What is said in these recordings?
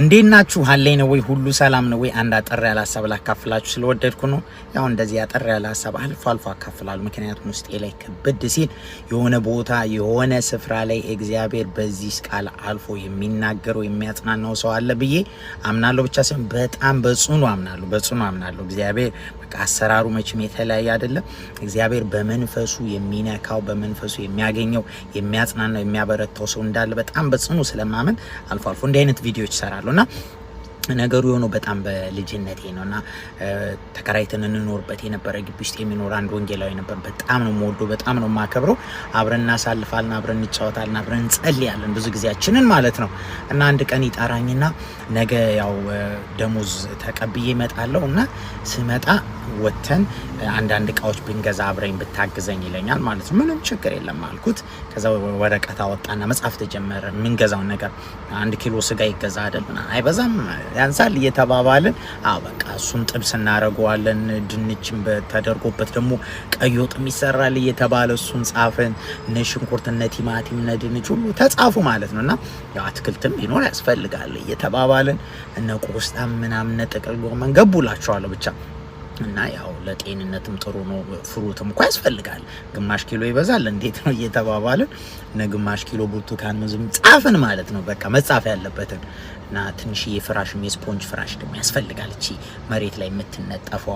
እንዴት ናችሁ? ሀሌ ነው ወይ? ሁሉ ሰላም ነው ወይ? አንድ አጠር ያለ ሀሳብ ላካፍላችሁ ስለወደድኩ ነው። ያው እንደዚህ አጠር ያለ ሀሳብ አልፎ አልፎ አካፍላሉ ምክንያቱም ውስጤ ላይ ክብድ ሲል የሆነ ቦታ የሆነ ስፍራ ላይ እግዚአብሔር በዚህ ቃል አልፎ የሚናገረው የሚያጽናናው ሰው አለ ብዬ አምናለሁ። ብቻ ሳይሆን በጣም በጽኑ አምናለሁ፣ በጽኑ አምናለሁ። እግዚአብሔር በቃ አሰራሩ መቼም የተለያየ አይደለም። እግዚአብሔር በመንፈሱ የሚነካው በመንፈሱ የሚያገኘው የሚያጽናናው የሚያበረታው ሰው እንዳለ በጣም በጽኑ ስለማመን አልፎ አልፎ እንዲህ አይነት ቪዲዮዎች ይሰራሉ እና ነገሩ የሆነው በጣም በልጅነቴ ነው እና ተከራይተን እንኖርበት የነበረ ግቢ ውስጥ የሚኖር አንድ ወንጌላዊ ነበር። በጣም ነው የምወደው፣ በጣም ነው የማከብረው። አብረን እናሳልፋለን፣ አብረን እንጫወታለን፣ አብረን እንጸልያለን ብዙ ጊዜያችንን ማለት ነው። እና አንድ ቀን ይጠራኝና ነገ ያው ደሞዝ ተቀብዬ እመጣለሁ እና ስመጣ ወጥተን አንዳንድ እቃዎች ብንገዛ አብረኝ ብታግዘኝ ይለኛል ማለት ነው። ምንም ችግር የለም አልኩት። ከዛ ወረቀት አወጣና መጽሐፍ ተጀመረ። የምንገዛውን ነገር አንድ ኪሎ ስጋ ይገዛ አይደል አይበዛም ያንሳል እየተባባልን በቃ እሱን ጥብስ እናደርገዋለን፣ ድንችን ተደርጎበት ደግሞ ቀይ ወጥም ይሰራል እየተባለ እሱን ጻፍን። እነ ሽንኩርት፣ እነ ቲማቲም፣ እነ ድንች ሁሉ ተጻፉ ማለት ነው እና ያው አትክልትም ቢኖር ያስፈልጋል እየተባባልን እነ ቆስጣም ምናምን እነ ጥቅል ጎመን ገቡላቸዋለሁ ብቻ እና ያው ለጤንነትም ጥሩ ነው። ፍሩትም እኮ ያስፈልጋል። ግማሽ ኪሎ ይበዛል እንዴት ነው እየተባባልን እነ ግማሽ ኪሎ ብርቱካን ምዝም ጻፍን ማለት ነው። በቃ መጻፍ ያለበትን እና ትንሽዬ ፍራሽም የስፖንጅ ፍራሽ ደግሞ ያስፈልጋል። እቺ መሬት ላይ የምትነጠፏ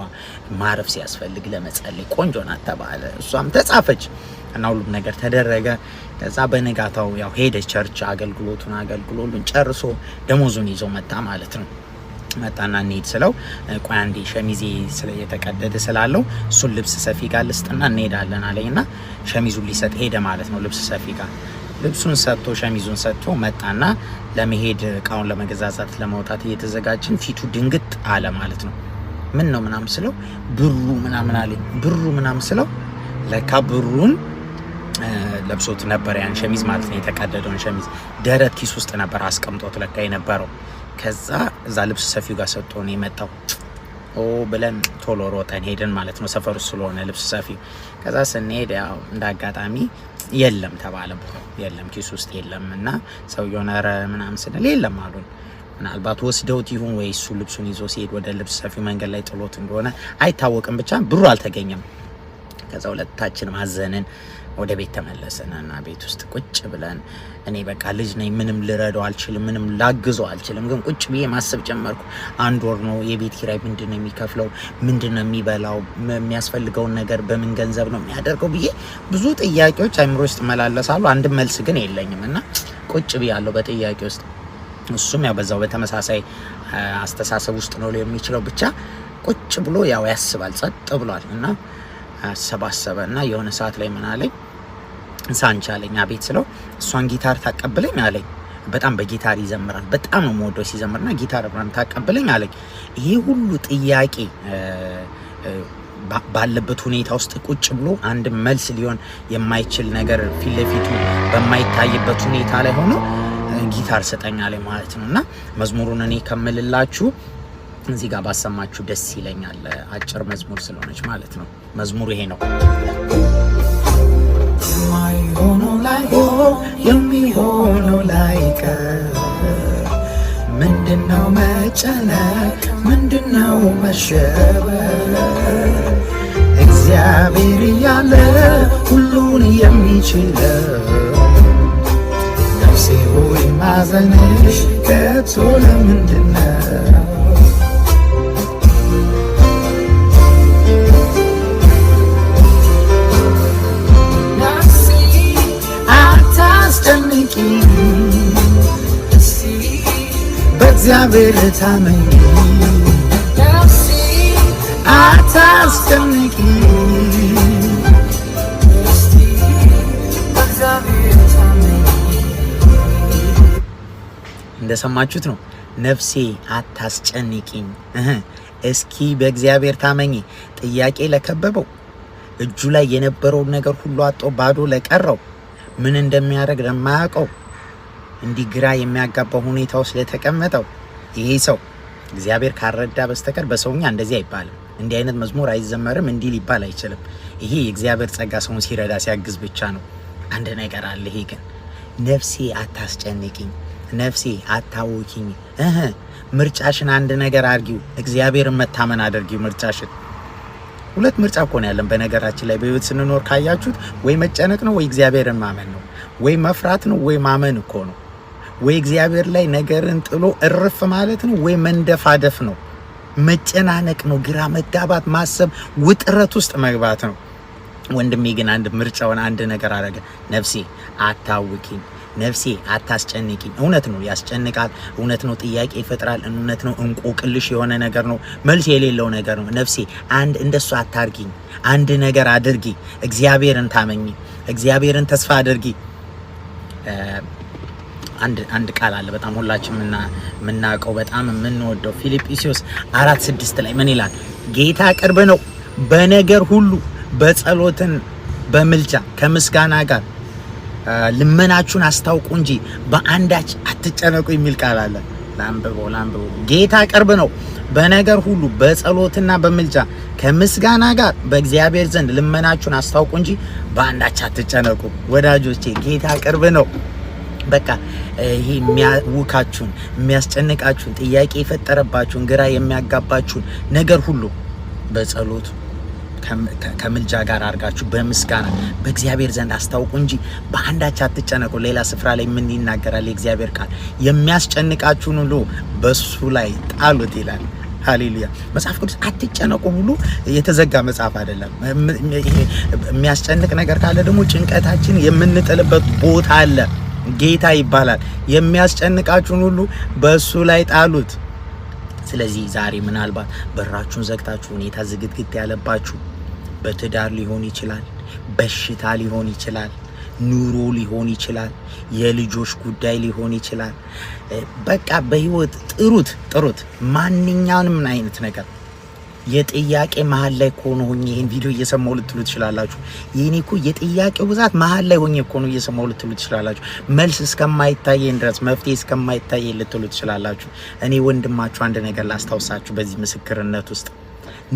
ማረፍ ሲያስፈልግ ለመጸለይ ቆንጆ ናት ተባለ። እሷም ተጻፈች እና ሁሉም ነገር ተደረገ። ከዛ በንጋታው ያው ሄደ ቸርች አገልግሎቱን አገልግሎሉን ጨርሶ ደሞዙን ይዞ መጣ ማለት ነው። መጣና እንሄድ ስለው ቆይ አንዴ ሸሚዜ የተቀደደ ስላለው እሱን ልብስ ሰፊ ጋር ልስጥና እንሄዳለን አለኝ እና ሸሚዙን ሊሰጥ ሄደ ማለት ነው። ልብስ ሰፊ ጋር ልብሱን ሰጥቶ ሸሚዙን ሰጥቶ መጣና ለመሄድ እቃውን ለመገዛዛት ለመውጣት እየተዘጋጀን ፊቱ ድንግጥ አለ ማለት ነው። ምን ነው ምናምን ስለው ብሩ ምናምን አለኝ። ብሩ ምናምን ስለው ለካ ብሩን ለብሶት ነበር ያን ሸሚዝ ማለት ነው። የተቀደደውን ሸሚዝ ደረት ኪስ ውስጥ ነበር አስቀምጦት ለካ የነበረው ከዛ እዛ ልብስ ሰፊው ጋር ሰጥቶን የመጣው ኦ ብለን ቶሎ ሮጠን ሄድን ማለት ነው፣ ሰፈሩ ስለሆነ ልብስ ሰፊው። ከዛ ስንሄድ ያው እንደ አጋጣሚ የለም ተባለ፣ የለም ኪስ ውስጥ የለም። እና ሰውየው ነረ ምናምን ስንል የለም አሉን። ምናልባት ወስደውት ይሁን ወይ እሱ ልብሱን ይዞ ሲሄድ ወደ ልብስ ሰፊው መንገድ ላይ ጥሎት እንደሆነ አይታወቅም። ብቻ ብሩ አልተገኘም። ከዛ ሁለታችን ማዘንን ወደ ቤት ተመለስን እና ቤት ውስጥ ቁጭ ብለን እኔ በቃ ልጅ ነኝ፣ ምንም ልረዳው አልችልም፣ ምንም ላግዞ አልችልም። ግን ቁጭ ብዬ ማሰብ ጀመርኩ። አንድ ወር ነው የቤት ኪራይ፣ ምንድን ነው የሚከፍለው፣ ምንድን ነው የሚበላው፣ የሚያስፈልገውን ነገር በምን ገንዘብ ነው የሚያደርገው ብዬ ብዙ ጥያቄዎች አይምሮ ውስጥ መላለሳሉ። አንድ መልስ ግን የለኝም እና ቁጭ ብዬ ያለው በጥያቄ ውስጥ እሱም ያው በዛው በተመሳሳይ አስተሳሰብ ውስጥ ነው የሚችለው ብቻ ቁጭ ብሎ ያው ያስባል። ጸጥ ብሏል እና አሰባሰበ እና የሆነ ሰዓት ላይ ምን አለኝ አለኝ አቤት ስለው እሷን ጊታር ታቀብለኝ አለኝ። በጣም በጊታር ይዘምራል። በጣም ነው የምወደው ሲዘምርና ጊታር ብራን ታቀብለኝ አለኝ። ይሄ ሁሉ ጥያቄ ባለበት ሁኔታ ውስጥ ቁጭ ብሎ አንድ መልስ ሊሆን የማይችል ነገር ፊት ለፊቱ በማይታይበት ሁኔታ ላይ ሆኖ ጊታር ሰጠኛ ላይ ማለት ነው እና መዝሙሩን እኔ ከምልላችሁ እዚህ ጋር ባሰማችሁ ደስ ይለኛል። አጭር መዝሙር ስለሆነች ማለት ነው። መዝሙሩ ይሄ ነው። የሚሆነው ላይ ምንድነው መጨነቅ? ምንድነው መሸበር? እግዚአብሔር እያለ ሁሉን የሚችለው ነፍሴ ሆይ ማዘንሽ ከቶ ለምንድነው እስቲ በእግዚአብሔር ታመኝ፣ አታስጨንቂ እንደሰማችሁት ነው። ነፍሴ አታስጨንቂኝ፣ እስኪ በእግዚአብሔር ታመኝ። ጥያቄ ለከበበው እጁ ላይ የነበረውን ነገር ሁሉ አጦ ባዶ ለቀረው ምን እንደሚያደርግ ለማያውቀው እንዲህ ግራ የሚያጋባው ውስጥ ለተቀመጠው ይሄ ሰው እግዚአብሔር ካረዳ በስተቀር በሰውኛ እንደዚህ አይባልም፣ እንዲህ አይነት መዝሙር አይዘመርም፣ እንዲህ ሊባል አይችልም። ይሄ የእግዚአብሔር ጸጋ ሰውን ሲረዳ ሲያግዝ ብቻ ነው። አንድ ነገር አለ። ይሄ ግን ነፍሴ አታስጨንቂኝ፣ ነፍሴ አታውኪኝ፣ ምርጫሽን አንድ ነገር አድርጊው፣ እግዚአብሔርን መታመን አድርጊው ምርጫሽን ሁለት ምርጫ እኮ ነው ያለን። በነገራችን ላይ በህይወት ስንኖር ካያችሁት ወይ መጨነቅ ነው ወይ እግዚአብሔርን ማመን ነው፣ ወይ መፍራት ነው ወይ ማመን እኮ ነው፣ ወይ እግዚአብሔር ላይ ነገርን ጥሎ እርፍ ማለት ነው ወይ መንደፋደፍ ነው፣ መጨናነቅ ነው፣ ግራ መጋባት፣ ማሰብ፣ ውጥረት ውስጥ መግባት ነው። ወንድሜ ግን አንድ ምርጫውን አንድ ነገር አረገ። ነፍሴ አታውኪኝ ነፍሴ አታስጨንቂኝ። እውነት ነው ያስጨንቃል፣ እውነት ነው ጥያቄ ይፈጥራል፣ እውነት ነው እንቆቅልሽ የሆነ ነገር ነው፣ መልስ የሌለው ነገር ነው። ነፍሴ አንድ እንደሱ አታርጊኝ፣ አንድ ነገር አድርጊ፣ እግዚአብሔርን ታመኚ፣ እግዚአብሔርን ተስፋ አድርጊ። አንድ አንድ ቃል አለ በጣም ሁላችን የምናውቀው በጣም የምንወደው ፊልጵስዩስ አራት ስድስት ላይ ምን ይላል? ጌታ ቅርብ ነው። በነገር ሁሉ በጸሎትን በምልጃ ከምስጋና ጋር ልመናችሁን አስታውቁ እንጂ በአንዳች አትጨነቁ የሚል ቃል አለ። ላንብበው ላንብበው። ጌታ ቅርብ ነው። በነገር ሁሉ በጸሎትና በምልጃ ከምስጋና ጋር በእግዚአብሔር ዘንድ ልመናችሁን አስታውቁ እንጂ በአንዳች አትጨነቁ። ወዳጆቼ ጌታ ቅርብ ነው። በቃ ይሄ የሚያውካችሁን የሚያስጨንቃችሁን ጥያቄ የፈጠረባችሁን ግራ የሚያጋባችሁን ነገር ሁሉ በጸሎት ከምልጃ ጋር አድርጋችሁ በምስጋና በእግዚአብሔር ዘንድ አስታውቁ እንጂ በአንዳች አትጨነቁ። ሌላ ስፍራ ላይ ምን ይናገራል የእግዚአብሔር ቃል? የሚያስጨንቃችሁን ሁሉ በሱ ላይ ጣሉት ይላል። ሀሌሉያ መጽሐፍ ቅዱስ አትጨነቁ ሁሉ የተዘጋ መጽሐፍ አይደለም። የሚያስጨንቅ ነገር ካለ ደግሞ ጭንቀታችን የምንጥልበት ቦታ አለ። ጌታ ይባላል። የሚያስጨንቃችሁን ሁሉ በእሱ ላይ ጣሉት። ስለዚህ ዛሬ ምናልባት በራችሁን ዘግታችሁ ሁኔታ ዝግትግት ያለባችሁ በትዳር ሊሆን ይችላል፣ በሽታ ሊሆን ይችላል፣ ኑሮ ሊሆን ይችላል፣ የልጆች ጉዳይ ሊሆን ይችላል። በቃ በህይወት ጥሩት ጥሩት ማንኛውንም አይነት ነገር የጥያቄ መሀል ላይ ከሆነ ሆኜ ይህን ቪዲዮ እየሰማው ልትሉ ትችላላችሁ። ይህኔ እኮ የጥያቄው ብዛት መሀል ላይ ሆኜ እኮ እየሰማው ልትሉ ትችላላችሁ። መልስ እስከማይታየን ድረስ መፍትሄ እስከማይታየን ልትሉ ትችላላችሁ። እኔ ወንድማችሁ አንድ ነገር ላስታውሳችሁ በዚህ ምስክርነት ውስጥ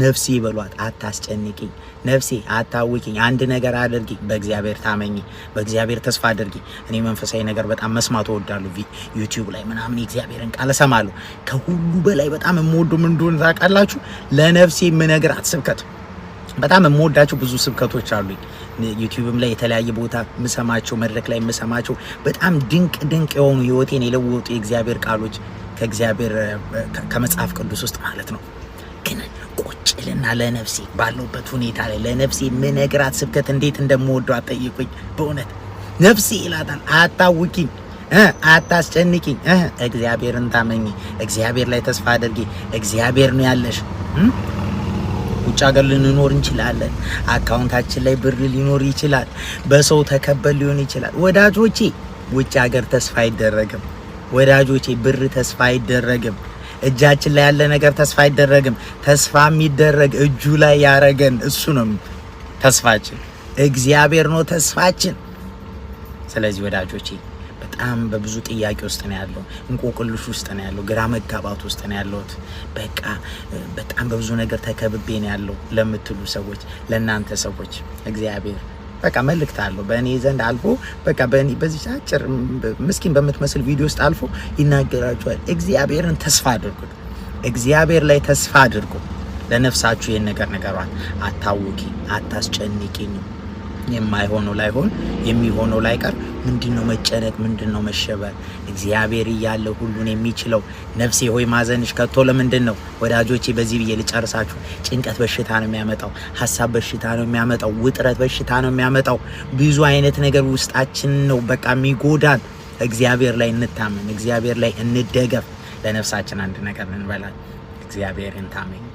ነፍሴ በሏት፣ አታስጨንቂኝ፣ ነፍሴ አታውቂኝ፣ አንድ ነገር አድርጊ፣ በእግዚአብሔር ታመኝ፣ በእግዚአብሔር ተስፋ አድርጊ። እኔ መንፈሳዊ ነገር በጣም መስማት እወዳለሁ። ዩቲዩብ ላይ ምናምን የእግዚአብሔርን ቃል እሰማለሁ። ከሁሉ በላይ በጣም የምወዱ ምን እንደሆነ ታውቃላችሁ? ለነፍሴ የምነግራት ስብከት በጣም የምወዳቸው ብዙ ስብከቶች አሉኝ። ዩቲዩብም ላይ የተለያየ ቦታ የምሰማቸው መድረክ ላይ የምሰማቸው በጣም ድንቅ ድንቅ የሆኑ ህይወቴን የለወጡ የእግዚአብሔር ቃሎች ከእግዚአብሔር ከመጽሐፍ ቅዱስ ውስጥ ማለት ነው ለእኔና ለነፍሴ ባለውበት ሁኔታ ላይ ለነፍሴ ምነግራት ስብከት እንዴት እንደምወደው አጠይቁኝ። በእውነት ነፍሴ ይላታል፣ አታውኪኝ፣ አታስጨንቂኝ፣ እግዚአብሔርን ታመኝ፣ እግዚአብሔር ላይ ተስፋ አድርጊ፣ እግዚአብሔር ነው ያለሽ። ውጭ ሀገር ልንኖር እንችላለን። አካውንታችን ላይ ብር ሊኖር ይችላል። በሰው ተከበል ሊሆን ይችላል። ወዳጆቼ፣ ውጭ ሀገር ተስፋ አይደረግም። ወዳጆቼ፣ ብር ተስፋ አይደረግም። እጃችን ላይ ያለ ነገር ተስፋ አይደረግም። ተስፋ የሚደረግ እጁ ላይ ያረገን እሱ ነው ተስፋችን። እግዚአብሔር ነው ተስፋችን። ስለዚህ ወዳጆቼ በጣም በብዙ ጥያቄ ውስጥ ነው ያለው፣ እንቆቅልሽ ውስጥ ነው ያለው፣ ግራ መጋባት ውስጥ ነው ያለሁት። በቃ በጣም በብዙ ነገር ተከብቤ ነው ያለው ለምትሉ ሰዎች፣ ለእናንተ ሰዎች እግዚአብሔር በቃ መልእክት አለው በእኔ ዘንድ አልፎ በቃ በእኔ በዚህ አጭር ምስኪን በምትመስል ቪዲዮ ውስጥ አልፎ ይናገራቸዋል። እግዚአብሔርን ተስፋ አድርጉት። እግዚአብሔር ላይ ተስፋ አድርጉ። ለነፍሳችሁ ይህን ነገር ነገሯል። አታውቂ፣ አታስጨንቂኝ የማይሆነው ላይሆን የሚሆነው ላይቀር ምንድን ነው መጨነቅ? ምንድን ነው መሸበር? እግዚአብሔር እያለ ሁሉን የሚችለው ነፍሴ ሆይ ማዘንሽ ከቶ ለምንድን ነው? ወዳጆቼ በዚህ ብዬ ልጨርሳችሁ። ጭንቀት በሽታ ነው የሚያመጣው። ሀሳብ በሽታ ነው የሚያመጣው። ውጥረት በሽታ ነው የሚያመጣው። ብዙ አይነት ነገር ውስጣችን ነው በቃ የሚጎዳን። እግዚአብሔር ላይ እንታመን፣ እግዚአብሔር ላይ እንደገፍ። ለነፍሳችን አንድ ነገር እንበላል። እግዚአብሔርን ታመኝ።